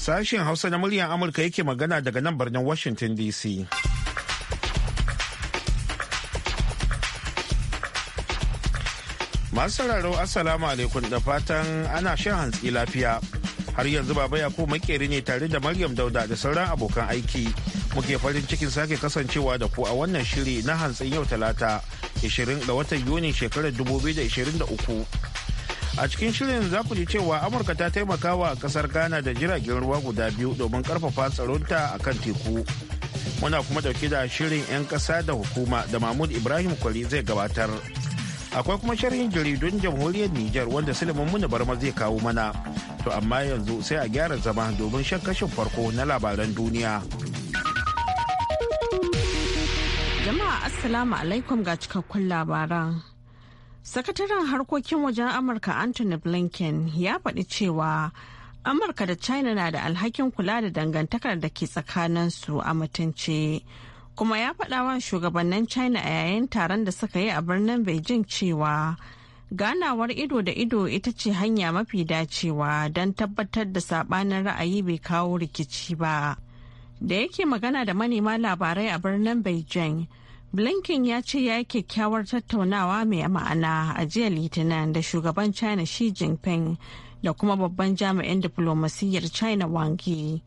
Sashen Hausa na muryar Amurka yake magana daga nan birnin Washington DC. Masu sauraro Assalamu alaikum da fatan ana shan hantsi lafiya. Har yanzu baba ya ko makeri ne tare da Maryam Dauda da sauran abokan aiki. Muke farin cikin sake kasancewa da ku a wannan shiri na hantsin yau talata 20 ga watan Yuni shekarar 2023. a cikin shirin za ku ji cewa amurka ta taimaka wa kasar ghana da jiragen ruwa guda biyu domin karfafa tsaronta a kan teku muna kuma dauke da shirin 'yan kasa da hukuma da mahmud ibrahim kwari zai gabatar akwai kuma sharhin jaridun jamhuriyar niger wanda silimin muna barma zai kawo mana to amma yanzu sai a gyara zama domin shan kashin farko na labaran duniya jama'a assalamu alaikum ga cikakkun labaran Sakataren harkokin wajen Amurka Anthony Blinken ya faɗi cewa Amurka da China na da alhakin kula da dangantakar da ke tsakaninsu a mutunce Kuma ya faɗa wa shugabannin China a yayin taron da suka yi a birnin Beijing cewa ganawar ido da ido ita ce hanya mafi dacewa don tabbatar da saɓanin ra'ayi bai kawo rikici ba. Da yake magana da manema labarai a birnin Beijing. Blinken ya ce ya yi kyakkyawar tattaunawa mai ma'ana a jiya Litinin da shugaban China Xi Jinping da kuma babban jami'in diplomasiyyar China Wang Yi.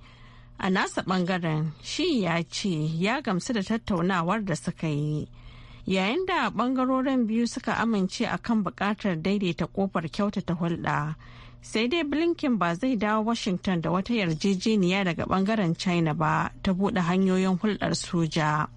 A nasa bangaren shi ya ce ya gamsu da tattaunawar da suka yi. Yayin da bangarorin biyu suka amince a kan bukatar daidaita kofar kyautata hulɗa, sai dai Blinken ba zai dawo Washington da wata yarjejeniya daga bangaren China ba ta buɗe hanyoyin hulɗar soja.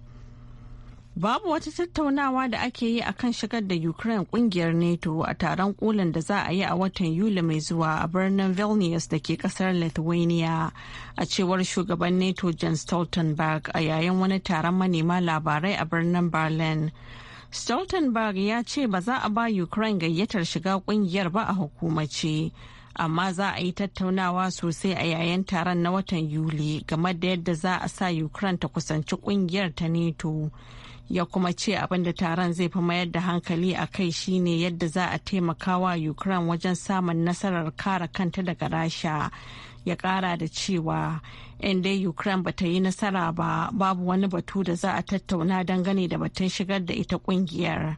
Babu wata tattaunawa da ake yi a kan shigar da Ukraine kungiyar NATO a taron kolin da za a yi a watan Yuli mai zuwa a birnin Vilnius da ke kasar Lithuania a cewar shugaban NATO Jens Stoltenberg a yayin wani taron manema labarai a birnin Berlin. Stoltenberg ya ce ba za a ba Ukraine gayyatar shiga kungiyar ba a hukumace. amma za a yi tattaunawa sosai a yayin taron na watan yuli game da yadda za a sa ukraine ta kusanci kungiyar ta nato. ya kuma ce abin da taron zai fi mayar da hankali a kai shine yadda za a taimaka wa ukraine wajen samun nasarar kare kanta daga rasha ya kara da cewa in dai ukraine ba ta yi nasara ba babu wani batu da za a tattauna dangane da batun shigar da ita kungiyar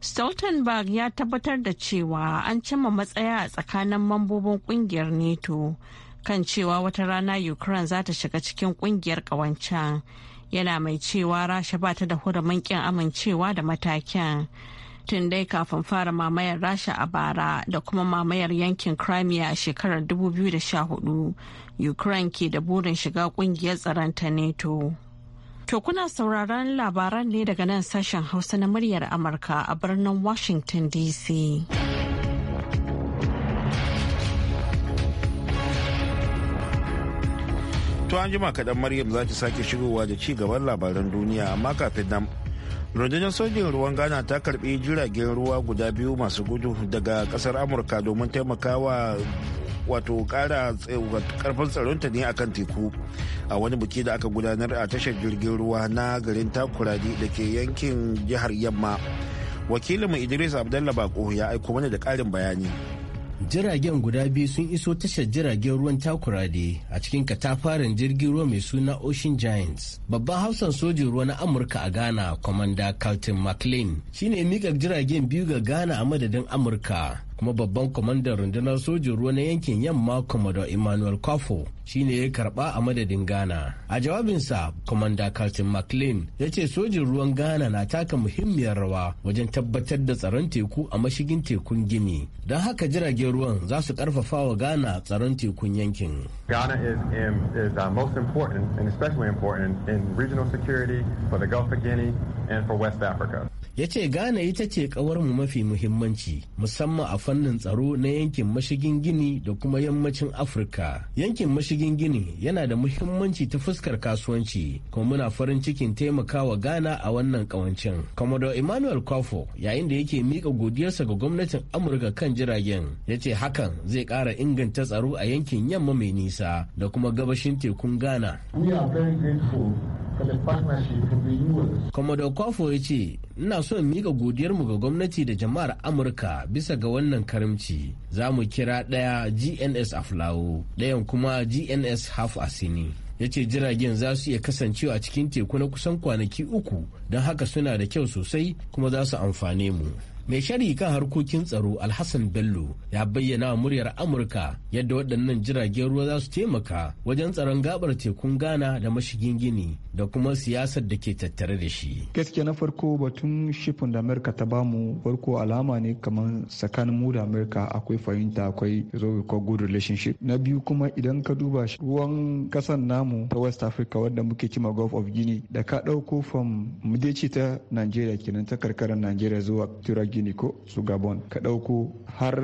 stoltenberg ya tabbatar da cewa an cimma matsaya a tsakanin mambobin kungiyar nato kan cewa wata rana ukraine za ta shiga cikin kungiyar kawancan yana mai cewa rasha ba ta da hurumin kin amincewa da matakin tun dai kafin fara mamayar rasha a bara da kuma mamayar yankin crimea a shekarar 2014 ukraine ke da burin shiga kungiyar tsaron ta neto to kuna sauraron labaran ne daga nan sashen hausa na muryar amurka a birnin washington dc To an jima kaɗan Maryam za ta sake shigowa da ci gaban labaran duniya amma kafin nan rundunar sojin ruwan ghana ta karbi jiragen ruwa guda biyu masu gudu daga kasar amurka domin taimakawa wato kara karfin tsaronta ne akan teku a wani buki da aka gudanar a tashar jirgin ruwa na garin takuradi da ke yankin jihar yamma wakilinmu idris abdallah bako ya aiko mana da karin bayani jiragen guda biyu sun iso tashar jiragen ruwan takurade a cikin katafaren jirgin ruwa mai suna ocean giants babban hausan sojin ruwa na amurka a ghana commander captain mclean shine mika jiragen biyu ga ghana a madadin amurka kuma babban kwamandan rundunar sojin ruwa na yankin yamma commodore emmanuel kwafo shine ya karba a madadin ghana a jawabinsa kwamanda carlton mclean ya ce sojin ruwan ghana na taka muhimmiyar rawa wajen tabbatar da tsaron teku a mashigin tekun gini don haka jiragen ruwan za su karfafa wa ghana tsaron tekun yankin ghana is, um, in, uh, most important and especially important in regional security for the gulf of guinea and for west africa ya ce ghana ita ce mu mafi muhimmanci musamman a fannin tsaro na yankin mashigin gini da kuma yammacin afirka yankin mashigin gini yana da muhimmanci ta fuskar kasuwanci kuma muna farin cikin taimakawa ghana a wannan kawancin commodore emmanuel kwafo yayin da yake mika godiyarsa ga gwamnatin amurka kan jiragen ya ce hakan zai kara inganta tsaro a yankin yamma mai nisa da kuma gabashin tekun ghana Commodore Kwafo ya ce, Ina son miƙa godiyarmu ga gwamnati da jama'ar Amurka bisa ga wannan karimci. Za mu kira ɗaya GNS a Fulawo, ɗayan kuma GNS Half a Sini. Ya ce jiragen za su iya kasancewa cikin teku na kusan kwanaki uku, don haka suna da kyau sosai kuma za su amfane mu. mai shari kan harkokin tsaro alhassan bello ya bayyana wa muryar amurka yadda waɗannan jiragen ruwa za su taimaka wajen tsaron gabar tekun ghana da mashigin gini da kuma siyasar da ke tattare da shi gaskiya na farko batun shifin da amurka ta bamu farko alama ne kamar tsakanin mu da amurka akwai fahimta akwai zo ko good relationship na biyu kuma idan ka duba ruwan kasan namu ta west africa wadda muke cima gulf of guinea da ka ɗauko from mudeci ta nigeria kenan ta karkarar nigeria zuwa turagi gini ko su gabon ka ɗauko har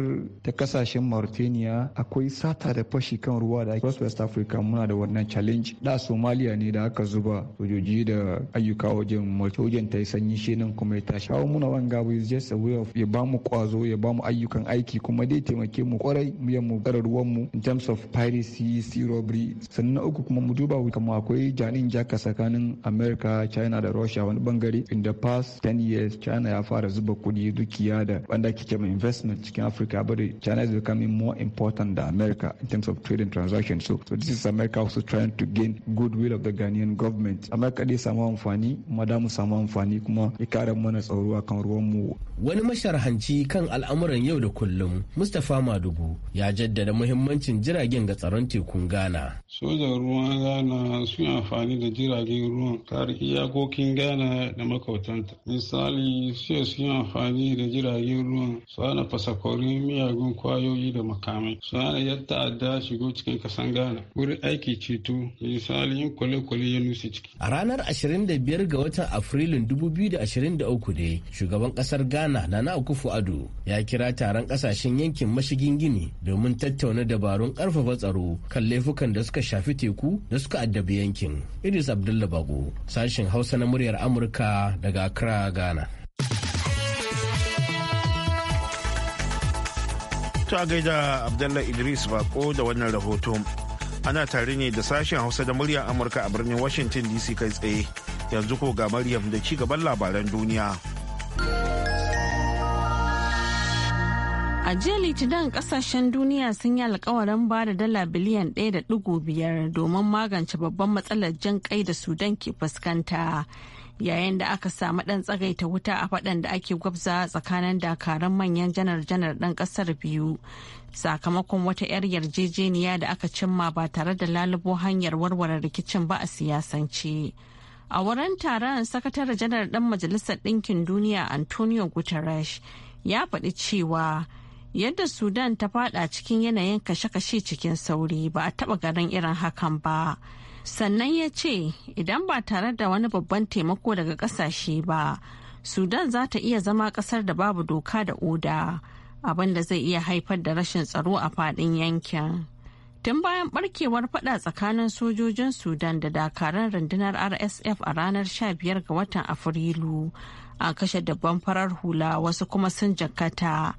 ta kasashen mauritania akwai sata da fashi kan ruwa da ake west africa muna da wannan challenge da somalia ne da aka zuba sojoji da ayyuka wajen wajen ta yi sanyi shi nan kuma ya tashi hawa muna wani gabu is just a way of ya bamu kwazo ya bamu ayyukan aiki kuma dai taimake mu kwarai mu yi mu gara ruwan mu in terms of piracy sea robbery sannan uku kuma mu duba kuma akwai janin jaka tsakanin america china da russia wani bangare in the past 10 years china ya fara zuba kuɗi dukiya da wanda ake cewa investment cikin Africa but China is becoming more important than America in terms of trade and transaction so so this is America also trying to gain goodwill of the Ghanaian government America dai samu amfani kuma da mu samu amfani kuma ya kare mana tsaro kan ruwan mu wani masharhanci kan al'amuran yau da kullum Mustapha Madugu ya jaddada muhimmancin jiragen ga tsaron tekun Ghana sojan ruwan Ghana sun amfani da jiragen ruwan kare iyakokin Ghana da makautanta misali sai sun amfani da jiragen ruwan su hana fasakori miyagun kwayoyi da makamai su hana yadda ta'adda shigo cikin kasan ghana wurin aiki ceto misali yin kwale-kwale ya nusa ciki a ranar 25 ga watan afrilun 2023 ne shugaban kasar ghana nana akufu ado ya kira taron kasashen yankin mashigin gini domin tattauna dabarun karfafa tsaro kan laifukan da suka shafi teku da suka addabi yankin idris abdullahi bago sashen hausa na muryar amurka daga accra ghana To a gaida Abdallah Idris Bako da wannan rahoto. Ana tare ne da sashen Hausa da muryar Amurka a birnin Washington DC kai tsaye. Yanzu ko ga Maryam da ci gaban labaran duniya. A jiya Litinin kasashen duniya sun yi alkawarin ba da dala biliyan 1.5 domin magance babban matsalar jan kai da Sudan ke fuskanta. yayin da aka samu ɗan tsagaita wuta a faɗan da ake gwabza tsakanin dakaran manyan janar-janar ɗan ƙasar biyu sakamakon wata 'yar yarjejeniya da aka cimma ba tare da lalubo hanyar warware rikicin ba a siyasance. A wurin taron sakatare janar ɗan Majalisar Ɗinkin Duniya Antonio Guterres ya faɗi cewa yadda Sudan ta faɗa cikin yanayin kashe-kashe cikin sauri ba a taɓa garin irin hakan ba. sannan ya ce idan ba tare da wani babban taimako daga kasashe ba sudan za ta iya zama kasar da babu doka da oda abin da zai iya haifar da rashin tsaro a fadin yankin tun bayan barkewar fada tsakanin sojojin sudan da dakaran rundunar rsf a ranar 15 ga watan afrilu an kashe dabban farar hula wasu kuma sun jakata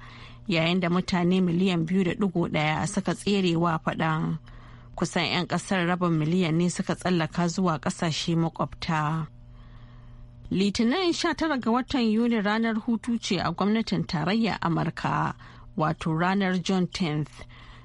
yayin da mutane miliyan 2.1 suka tserewa fadan kusan 'yan kasar rabin miliyan ne suka tsallaka zuwa kasashe makwabta. Litinin 19 ga watan Yuni ranar hutu ce a gwamnatin tarayya Amurka, wato ranar John 10th.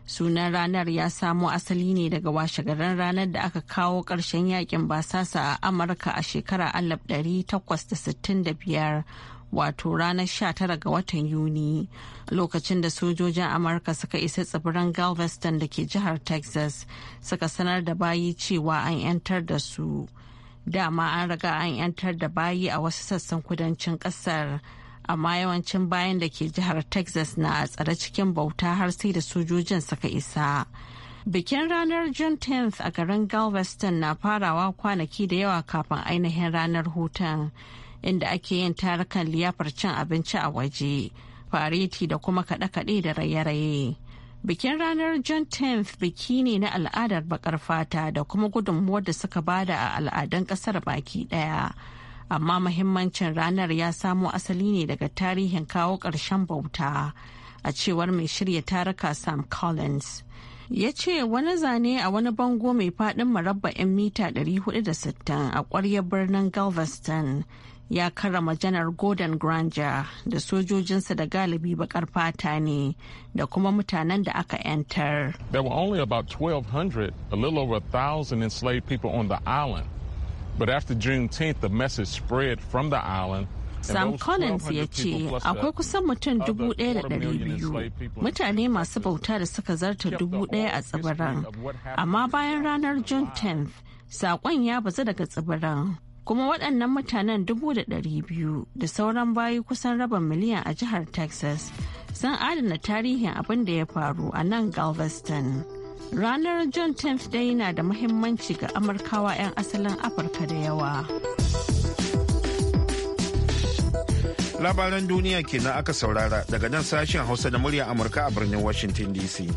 Sunan ranar ya samo asali ne daga washegarin ranar da aka kawo karshen yakin basasa a Amurka a shekara 1865 wato ranar 19 ga watan Yuni lokacin da sojojin Amurka suka isa tsibirin Galveston da ke jihar Texas suka sanar da bayi cewa an 'yantar da su. Dama an raga an 'yantar da bayi a wasu sassan kudancin kasar. amma yawancin bayan da ke jihar Texas na tsare cikin bauta har sai da sojojin suka isa. Bikin ranar June 10th a garin Galveston na farawa kwanaki da yawa kafin ainihin ranar hutun. inda ake yin tarukan liyafar cin abinci a waje fareti da kuma kaɗe-kaɗe da raye-raye bikin ranar john 10th biki ne na al'adar bakar fata da kuma gudunmuwar da suka bada a al'adun ƙasar baki ɗaya amma mahimmancin ranar ya samo asali ne daga tarihin kawo ƙarshen bauta a cewar mai shirya taruka sam collins ya ce wani zane a wani bango mai faɗin marabba'in mita 460 a ƙwaryar birnin galveston ya karrama janar gordon granger da sojojinsa da galibi bakar fata ne da kuma mutanen da aka 'yantar. There were only about 1,200, a little over a thousand enslaved people on the island. But after Juneteenth, the message spread from the island Sam Collins ya ce akwai kusan mutum dubu ɗaya da ɗari biyu mutane masu bauta da suka zarta dubu ɗaya a tsibirin Amma bayan ranar June 10th, saƙon ya bazu daga tsibirin. kuma waɗannan mutanen dubu da ɗari biyu da sauran bayi kusan raba miliyan a jihar texas sun adana tarihin abin da ya faru a nan galveston ranar john 10th dai yana da muhimmanci ga amurkawa 'yan asalin afirka da yawa labaran duniya kenan aka saurara daga nan sashen hausa da murya amurka a birnin washington dc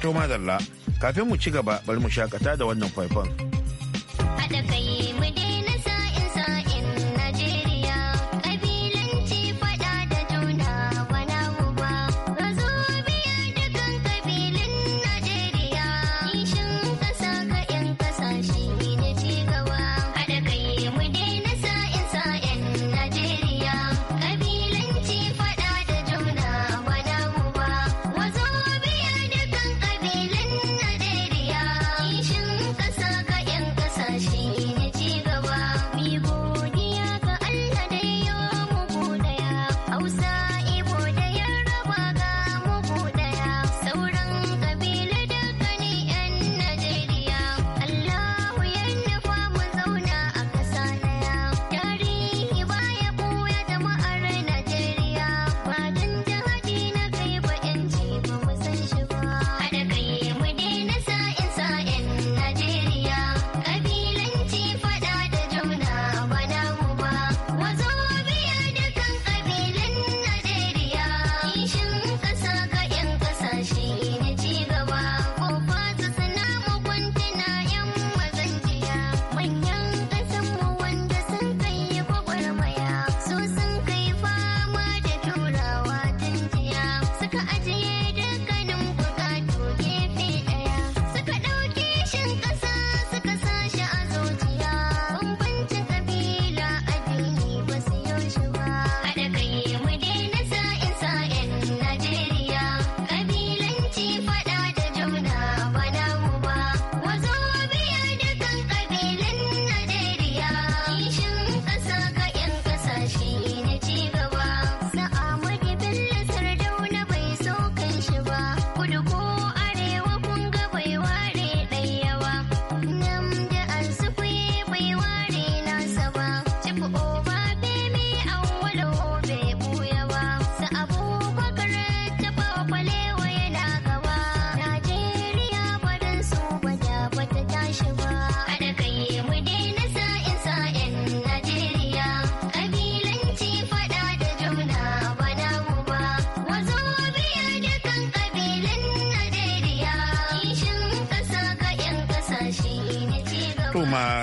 To madalla, kafin mu ci gaba bari mu shakata da wannan faifan. Haɗa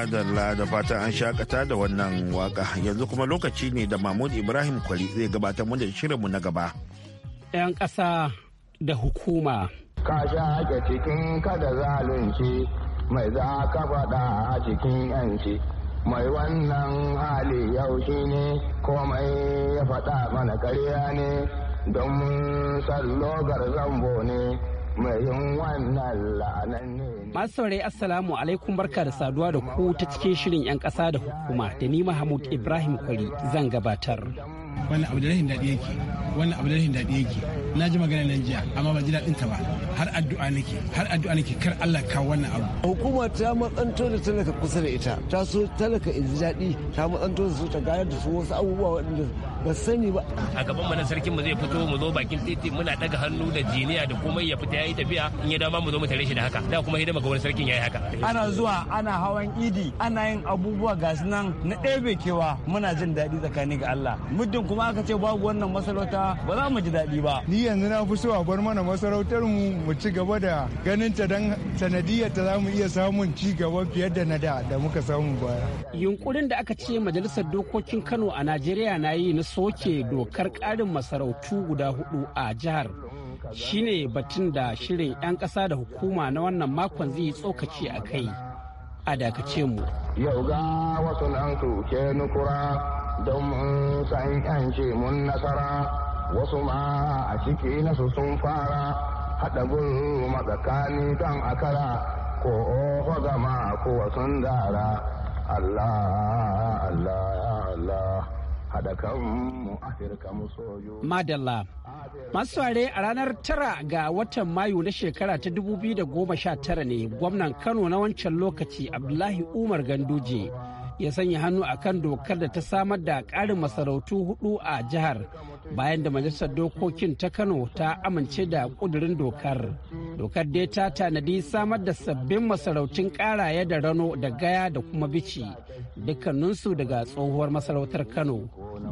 madalla da fatan an shakata da wannan waka yanzu kuma lokaci ne da mahmud ibrahim kwali zai gabatar mu da shirinmu na gaba 'yan ƙasa da hukuma ka sha ake cikin kada zalunci mai za ka faɗa a cikin 'yanci mai wannan hali yau shi ne komai ya faɗa mana karya ne don sallogar zambo ne mai yin wannan la'anan ne Masu saurayi Assalamu alaikum barka da saduwa da ku ta cikin shirin 'yan ƙasa da hukuma da ni Mahmud Ibrahim Kwari zan gabatar. Wannan abu da rashin daɗi yake, wannan abu da rashin daɗi yake. Na ji magana nan jiya amma ba ji daɗin ta ba. Har addu'a nake, har addu'a nake kar Allah ka wannan abu. Hukuma ta matsanto da talaka kusa da ita, ta so talaka in ji daɗi, ta matsanto da su ta gayar da su wasu abubuwa waɗanda ba sani ba a gaban mana na sarkin mu zai fito mu zo bakin titi muna daga hannu da jiniya da komai ya fita yayi tafiya in ya dama mu zo mu tare shi da haka da kuma hidima ga wani sarkin yayi haka ana zuwa ana hawan idi ana yin abubuwa ga nan na ɗebe kewa muna jin daɗi tsakani ga Allah muddin kuma aka ce babu wannan masarauta ba za mu ji daɗi ba ni yanzu na fi so a bar mana masarautar mu mu ci gaba da ganin ta dan sanadiyar ta zamu iya samun ci gaba fiye da na da da muka samu baya yunkurin da aka ce majalisar dokokin Kano a Najeriya na yi na soke dokar ƙarin masarautu guda hudu a jihar shine batun da shirin 'yan ƙasa da hukuma na wannan makon zai tsokaci a kai a dakace mu yau ga wasu nan ke nukura don mun san yanci mun nasara wasu ma a ciki nasu sun fara haɗa gulu matsakani kan akara ko oho gama ko wasun dara Allah Allah Allah Madalla. Masu ware a ranar tara ga watan Mayu na shekara ta 2019 ne gwamnan Kano na wancan lokaci Abdullahi Umar Ganduje ya sanya hannu a kan dokar da ta samar da ƙarin masarautu hudu a jihar bayan da majalisar dokokin ta kano ta amince da kudurin dokar dokar dai ta tanadi samar da sabbin masarautun karaya da rano da gaya da kuma bici dukkaninsu daga tsohuwar masarautar kano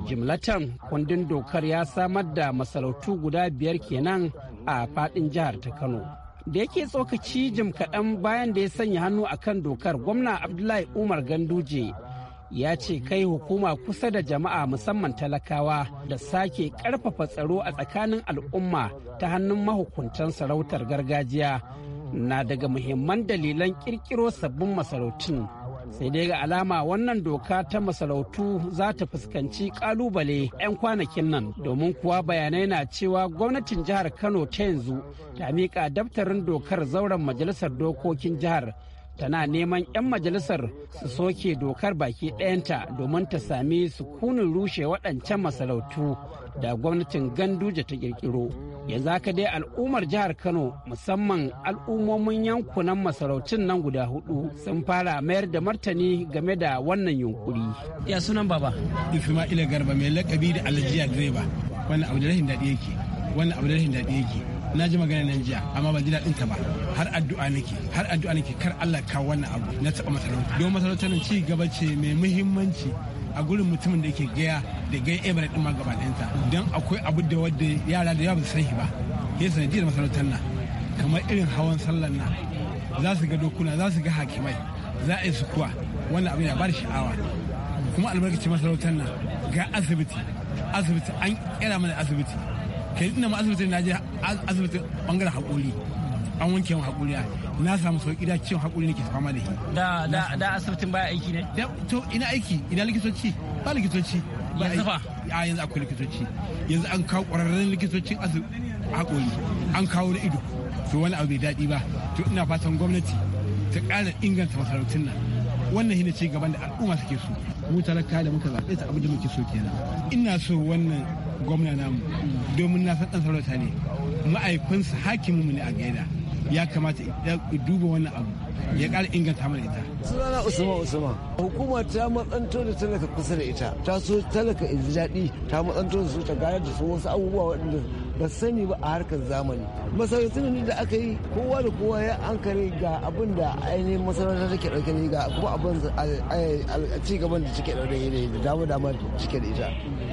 jimlatan kundin dokar ya samar da masarautu guda biyar kenan a fadin jihar ta kano da yake tsokaci jim kaɗan bayan da ya sanya hannu akan dokar gwamna abdullahi umar ganduje ya ce kai hukuma kusa da jama'a musamman talakawa da sake karfafa tsaro a tsakanin al'umma ta hannun mahukuntan sarautar gargajiya na daga muhimman dalilan kirkiro sabbin masarautun sai dai ga alama wannan doka ta masarautu za ta fuskanci kalubale 'yan kwanakin nan domin kuwa bayanai na cewa gwamnatin jihar kano ta yanzu ta miƙa daftarin dokar zauren majalisar dokokin jihar tana neman 'yan majalisar su soke dokar baki ɗayanta domin ta sami sukunin rushe waɗancan masarautu da gwamnatin ganduje ta ƙirƙiro yanzu haka dai al'ummar jihar kano musamman al'ummomin yankunan masarautun nan guda hudu sun fara mayar da martani game da wannan yunkuri ya sunan baba ifima ila garba mai lakabi da alajiya direba wannan abu da rahin daɗi yake wannan abu da rahin daɗi yake na ji magana nan jiya amma ban ji daɗin ta ba har addu'a nake har addu'a nake kar Allah ka wannan abu na taɓa masarauta don masarautar ci gaba ce mai muhimmanci a gurin mutumin da yake gaya da gaya Ebere ɗin ma gaba don akwai abu da wadda yara da yawa ba su san shi ba ya jiya masarautar nan kamar irin hawan sallar nan za su ga dokuna za su ga hakimai za a yi sukuwa wannan abu ya ba da sha'awa kuma albarkacin masarautar nan ga asibiti asibiti an kera mana asibiti kai ina ma asibitin na je asibitin bangaren hakuri an wanke mu hakuri a na samu sauki da cewa hakuri nake fama da shi da da da asibitin baya aiki ne to ina aiki ina likitoci ba likitoci ba a yanzu akwai likitoci yanzu an kawo ƙwararren likitocin hakuri an kawo na ido to wani abu bai daɗi ba to ina fatan gwamnati ta ƙara inganta masarautun nan wannan hina ci gaban da al'umma suke so mu talaka da muka zaɓe ta abin da muke so kenan ina so wannan gwamna namu domin na san ɗan sarauta ne mu hakiminmu ne a gaida ya kamata ya duba wannan abu ya ƙara inganta mana ita. sunana usman usman hukuma ta matsanto da talaka kusa da ita ta so talaka ji daɗi ta matsanto da su ta gayar da su wasu abubuwa waɗanda ba sani ba a harkar zamani tunanin da aka yi kowa da kowa ya ankare ga abin da ainihin masarauta take dauke da ga kuma abin ci gaban da take dauke da dama dama cike da ita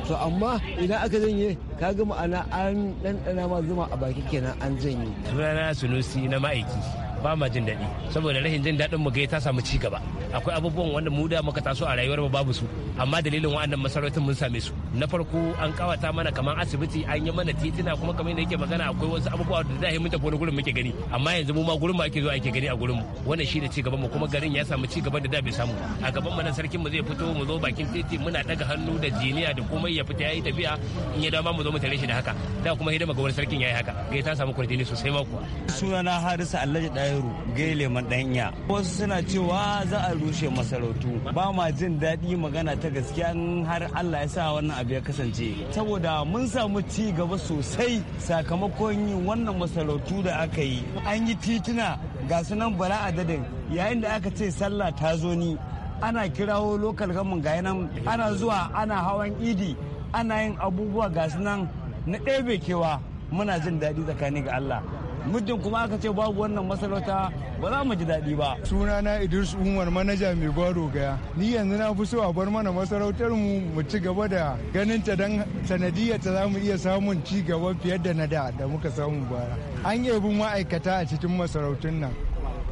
to amma idan aka janye ka ga ma'ana an ɗanɗana ma zuma a baki kenan an janye rana sunusi na ma'aiki ba ma jin daɗi saboda rashin jin daɗin mu ga ta samu ci gaba akwai abubuwan wanda mu da muka taso a rayuwar babu su amma dalilin wa'annan masarautun mun same su na farko an kawata mana kamar asibiti an yi mana titina kuma kamar yadda yake magana akwai wasu abubuwa da da mun tafi wani gurin muke gani amma yanzu mu ma gurin mu ake zuwa ake gani a gurin mu wannan shine ci gaban mu kuma garin ya samu ci gaban da da bai samu a gaban mu nan sarkin mu zai fito mu zo bakin titi muna daga hannu da jiniya da komai ya fita yayi tafiya in ya dama mu zo mu tare shi da haka da kuma hidima ga wani sarkin yayi haka gai ta samu kurdini sosai ma kuwa sunana harisa allaji dairu gele man danya wasu suna cewa za a rushe masarautu ba ma jin daɗi magana ta gaskiya in har allah ya sa wannan abu ya kasance saboda mun samu ci gaba sosai sakamakon yin wannan masarautu da aka yi an yi tituna ga sunan bala adadin yayin da aka ce sallah ta zo ni ana kirawo lokal gamin ga nan ana zuwa ana hawan idi ana yin abubuwa ga sunan na ɗebe kewa muna jin daɗi tsakani ga allah muddin kuma aka ce babu wannan masarauta ba za mu ji daɗi ba sunana idris umar manaja mai gwaro gaya ni yanzu na fi so a bar mana masarautar mu mu ci gaba da ganin ta dan sanadiyar ta za mu iya samun ci gaba fiye da na da da muka samu baya. an bin ma'aikata a cikin masarautun nan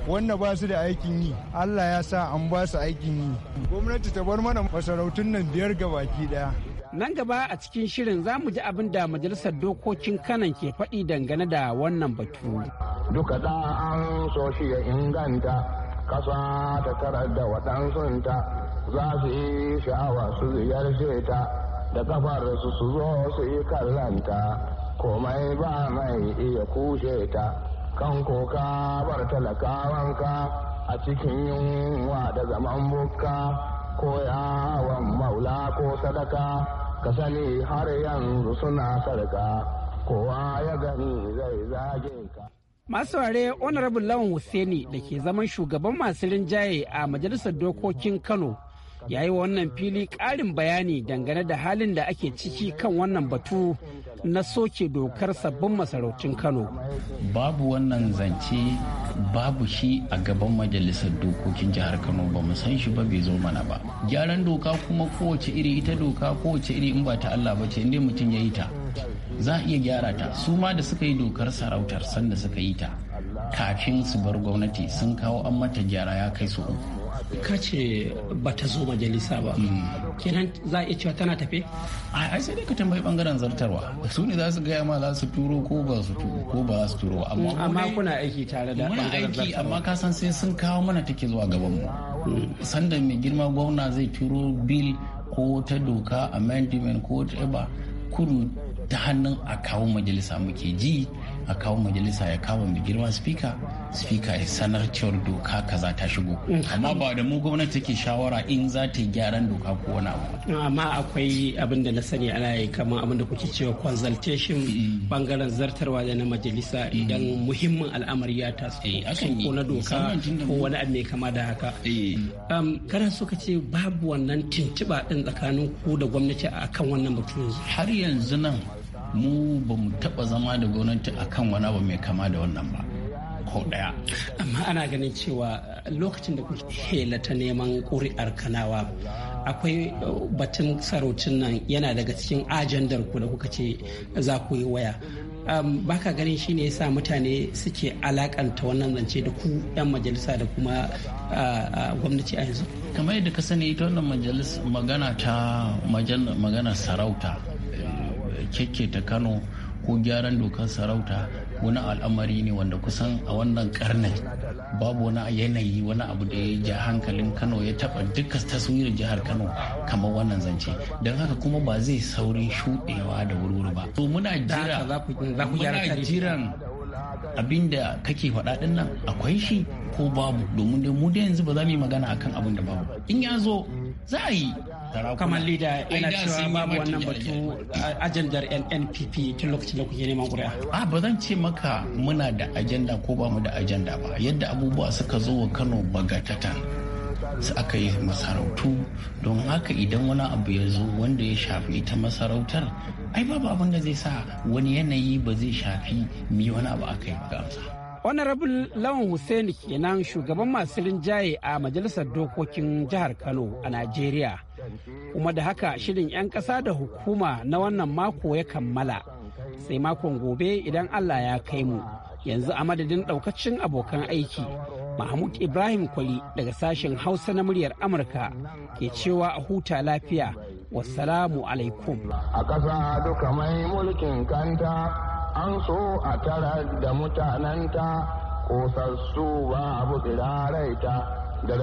wanda ba su da aikin yi Allah ya sa an ba su aikin yi gwamnati ta bar mana masarautun nan biyar gabaki daya Nan gaba a cikin shirin za mu ji abin da majalisar dokokin kanan ke faɗi dangane da wannan batu. Duka da an so shi ya inganta kasa ta tarar da waɗansunta za su yi sha'awa su ziyarce ta da kafar su su zo su yi kallanta komai ba mai iya kushe ta kan koka bar talakawanka a cikin yunwa da zaman bukka ko yawon maula ko sadaka. ka sani har yanzu suna sarka kowa ya gani zai zage ka. Masu ware Honorable Lawan Hussaini da ke zaman shugaban masu rinjaye a Majalisar Dokokin Kano ya yi wannan fili ƙarin bayani dangane da halin da ake ciki kan wannan batu na soke dokar sabbin masarautun kano babu wannan zance babu shi a gaban majalisar dokokin jihar kano ba mu san shi ba bai zo mana ba gyaran doka kuma kowace iri ita doka kowace iri in ba ta allah ba ce inda mutum ya yi ta za a iya gyara ta su ma da suka yi dokar sarautar sanda suka yi ta kafin su bar gwamnati sun kawo an mata gyara ya kai su uku ka ce ba ta zo majalisa ba hmm. kenan za a iya cewa tana tafe ai sai dai ka tambayi bangaren zartarwa su ne za su gaya ma za su turo ko ba su turo ko ba su turo amma kuna aiki tare da bangaren aiki amma ka san sai sun kawo mana take zuwa gaban mu hmm. sanda mai girma gwamna zai turo bil ko ta doka amendment ko ta ba kudu ta hannun a kawo majalisa muke ji a kawo majalisa ya kawo mai girma spika spika ya sanar cewar doka kaza ta shigo amma ba da mu gwamnati take shawara in za ta yi gyaran doka ko wani abu amma akwai abin da na sani ana yi kamar abin da kuke cewa consultation mm-hmm. bangaren zartarwa da na majalisa idan mm-hmm. muhimmin al'amari ya taso eh, ko na doka ko wani abu mai kama da haka eh. um, kana so ce babu wannan tuntuɓa din tsakanin ku da gwamnati akan wannan batun har yanzu nan mu ba mu taɓa zama da gwamnati kan wani abu mai kama da wannan ba ko ɗaya. amma ana ganin cewa lokacin da kuke hela ta neman ƙuri'ar kanawa akwai uh, batun saraucin nan yana daga cikin ajandar ku da kuka ce za ku yi waya um, baka ganin shi ne yasa mutane suke alakanta wannan zance da ku 'yan majalisa da kuma uh, uh, gwamnati a yanzu kamar yadda ka sani ita wannan magana ta magana sarauta kyakketa kano ko gyaran dokar sarauta wani al'amari ne wanda kusan a wannan karnin babu wani yanayi wani abu da ya ja hankalin kano ya taba duka taswirin jihar kano kamar wannan zance don haka kuma ba zai saurin shuɗewa da wuri ba to muna jiran abin da kake faɗa ɗin nan akwai shi ko babu domin mu da yanzu ba za mu yi magana akan abin da babu in ya zo za a yi kamar leader yana cewa babu wannan batu ajandar NNPP tun lokacin da kuke neman ƙuri'a. A ba zan ce maka muna da ajanda ko ba mu da ajanda ba yadda abubuwa suka zo wa Kano bagatatan su aka yi masarautu don haka idan wani abu ya zo wanda ya shafi ita masarautar ai babu abin da zai sa wani yanayi ba zai shafi mi wani abu aka yi gamsa. honorable lawan hussaini kenan shugaban masu rinjaye a majalisar dokokin jihar kano a najeriya kuma da haka shirin 'yan ƙasa da hukuma na wannan mako ya kammala sai makon gobe idan allah ya kai mu yanzu a madadin ɗaukacin abokan aiki mahmud ibrahim kwali daga sashen hausa na muryar amurka ke cewa a huta lafiya wasalamu alaikum a ƙasa duka mai mulkin kanta an so a tara da mutanenta, ko sassu kosassu abu tsiraraita da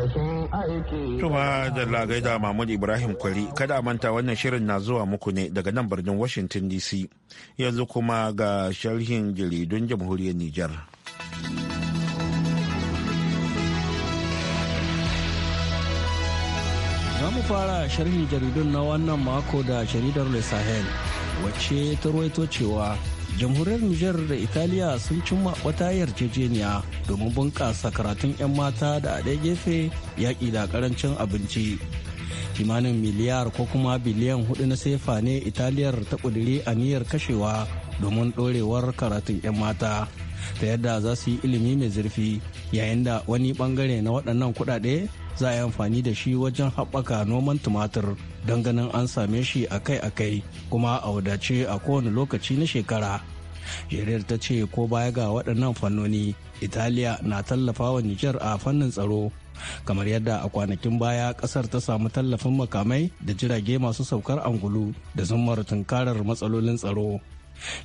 da lagaida Mahmud Ibrahim Kwari kada a manta wannan shirin na zuwa muku ne daga nan birnin Washington DC yanzu kuma ga sharhin jaridun jamhuriyar Nijar. Za mu fara sharhin jaridun na wannan mako da jaridar Le Sahel wacce ta ruwaito cewa jamhuriyar nijar da italiya sun cimma wata yarjejeniya domin bunƙasa karatun 'yan mata da a ɗaya gefe yaƙi da ƙarancin abinci kimanin miliyar ko kuma biliyan hudu na sefa ne italiyar ta a niyyar kashewa domin ɗorewar karatun 'yan mata ta yadda za su yi ilimi mai zurfi yayin da wani bangare na waɗannan kuɗaɗe za a yi amfani da shi wajen haɓaka noman tumatir don ganin an same shi akai-akai kuma a wadace a kowane lokaci na shekara jeriyar ta ce ko baya ga waɗannan fannoni italiya na tallafawa nijar a fannin tsaro kamar yadda a kwanakin baya ƙasar ta samu tallafin makamai da jirage masu saukar angulu da zumar tunkarar matsalolin tsaro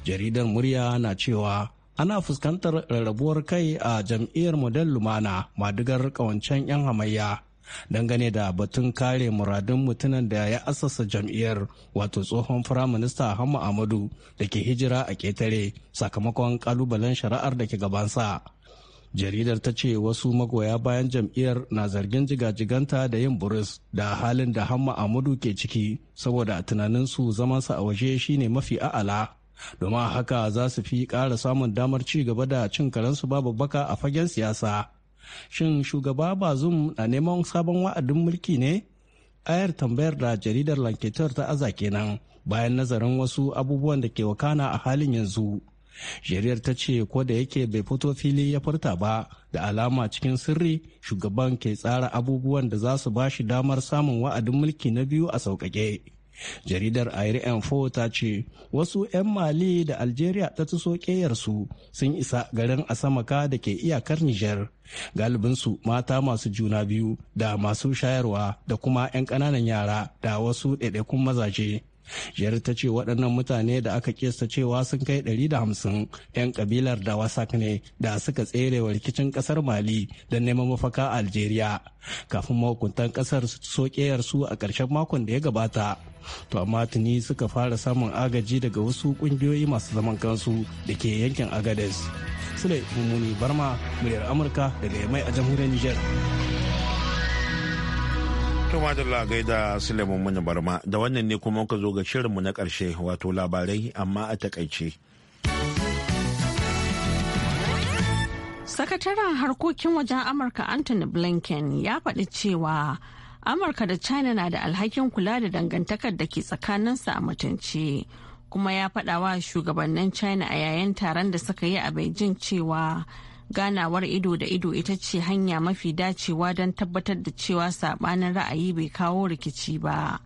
jaridar murya na cewa ana fuskantar rarrabuwar kai a jam'iyyar model lumana madigar kawancen 'yan hamayya dangane da batun kare muradun mutumin da ya asasa jam'iyyar wato tsohon firaminista hamma amadu da ke hijira a ketare sakamakon kalubalen shari'ar da ke gabansa jaridar ta ce wasu magoya bayan jam'iyyar na zargin jigajiganta da yin buris da halin da hamma amadu ke ciki saboda tunaninsu su zamansa a waje shine mafi a'ala domin haka za su fi ƙara samun damar ci gaba da cin karensu babu baka a fagen siyasa shin shugaba bazum na neman sabon wa'adin mulki ne ayar tambayar da jaridar lanketar ta aza kenan bayan nazarin wasu abubuwan da ke wakana a halin yanzu shari'ar ta ce ko da yake bai fito fili ya furta ba da alama cikin sirri shugaban ke tsara abubuwan da za su ba shi damar samun wa'adin mulki na biyu a sauƙaƙe jaridar air info ta ce wasu 'yan mali da algeria ta tuso su sun isa garin asamaka da ke iyakar niger galibinsu mata masu juna biyu da masu shayarwa da kuma 'yan ƙananan yara da wasu ɗaiɗaikun mazaje jihar ta ce waɗannan mutane da aka kesta cewa sun kai ɗari da hamsin 'yan kabilar da wasak ne da suka tsere wa rikicin ƙasar mali don neman mafaka a algeria kafin mahukuntan ƙasar su soke su a ƙarshen makon da ya gabata to amma tuni suka fara samun agaji daga wasu kungiyoyi masu zaman kansu da ke yankin agades sule mummuni barma muryar amurka daga yamai a jamhuriyar niger da la gaida sule mummuni barma da wannan ne kuma ka zo ga shirinmu na karshe wato labarai amma a takaice sakataren harkokin wajen amurka anthony blinken ya faɗi cewa amurka da china na da alhakin kula da dangantakar da ke tsakaninsu a mutunci kuma ya faɗawa shugabannin china a yayin taron da suka yi a beijing cewa ganawar ido da ido ita ce hanya mafi dacewa don tabbatar da cewa sabanin ra'ayi bai kawo rikici ba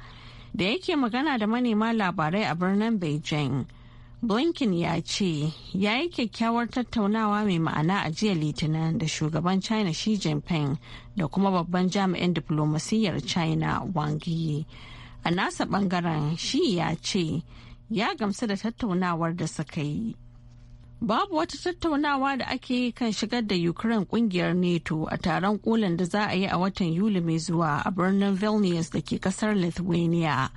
da yake magana da manema labarai a birnin beijing Blinken ya ce ya yi kyakkyawar tattaunawa mai ma'ana a jiya litinin da shugaban China Xi Jinping da kuma babban jami'in diplomasiyyar China Wang Yi. A nasa bangaren shi ya ce ya gamsu da tattaunawar da suka yi. Babu wata tattaunawa da ake kan shigar da Ukraine kungiyar NATO a taron kolin da za a yi a watan Yuli mai zuwa a birnin Vilnius da ke kasar Lithuania.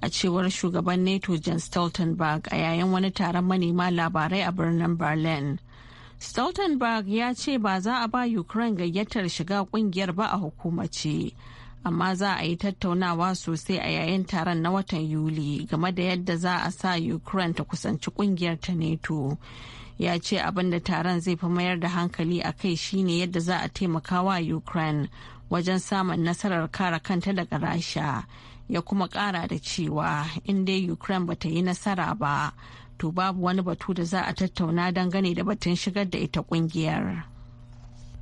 A cewar shugaban NATO Jens Stoltenberg a yayin wani taron manema labarai a birnin Berlin. Stoltenberg ya ce ba za a ba Ukraine gayyatar shiga kungiyar ba a hukumace. amma za a yi tattaunawa sosai a yayin taron na watan yuli game da yadda za a sa ukraine ta kusanci kungiyar ta nato. ya ce abin da taron zai fi mayar da hankali a kai shine yadda za a taimaka wa ukraine wajen samun nasarar kara kanta daga rasha ya kuma kara da cewa in dai ukraine ta yi nasara ba to babu wani batu da za a tattauna dangane da batun shigar da ita kungiyar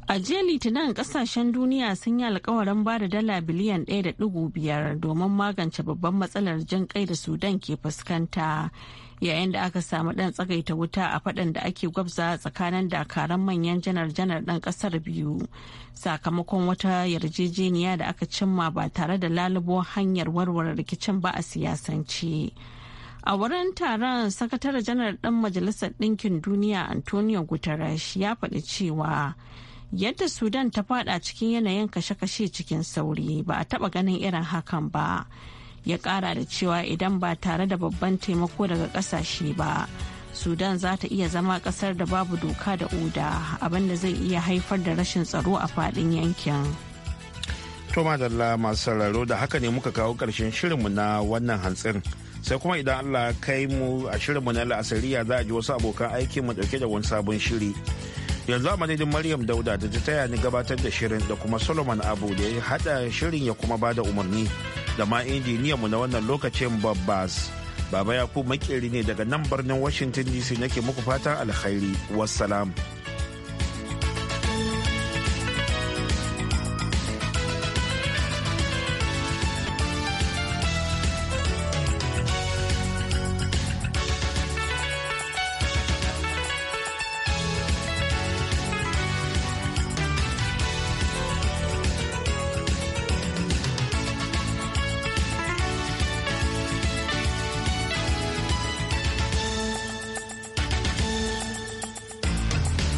a jiya litinin kasashen duniya sun yi alkawarin ba da dala biliyan 1.5 domin magance babban matsalar jin kai da sudan ke fuskanta yayin da aka samu ɗan tsagaita wuta a faɗan da ake gwabza tsakanin dakaran manyan janar-janar ɗan ƙasar biyu sakamakon wata yarjejeniya da aka cimma ba tare da lalubo hanyar warware rikicin ba a siyasance. a wurin taron sakatare janar ɗan majalisar ɗinkin duniya antonio guterres ya faɗi cewa yadda sudan ta fada cikin yanayin kashe-kashe cikin sauri ba a taɓa ganin irin hakan ba ya kara da cewa idan ba tare da babban taimako daga kasashe ba sudan za ta iya zama kasar da babu doka da oda abinda zai iya haifar da rashin tsaro a fadin yankin da la masu sauraro da haka ne muka kawo karshen shirinmu na wannan hantsin sai kuma idan allah kai mu a shirinmu na la'asariya za a ji wasu abokan aiki mu dauke da wani sabon shiri yanzu a madadin maryam dauda da ta taya ni gabatar da shirin da kuma solomon abu da ya hada shirin ya kuma bada umarni da ma mu na wannan lokacin babbas baba yakubu makeri ne daga nan birnin washington dc nake muku fatan alkhairi wassalam